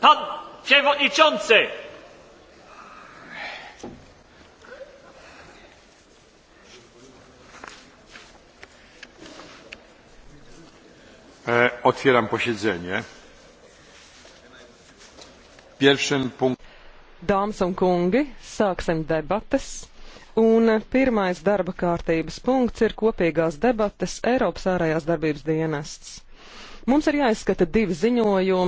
Pan przewodniczący! E, otwieram posiedzenie. Pierwszym punktem. Dāmas un kungi, sāksim debates. Un pirmais darba kārtības punkts ir kopīgās debates Eiropas ārējās darbības dienests. Mums ir jāizskata divi ziņojumi.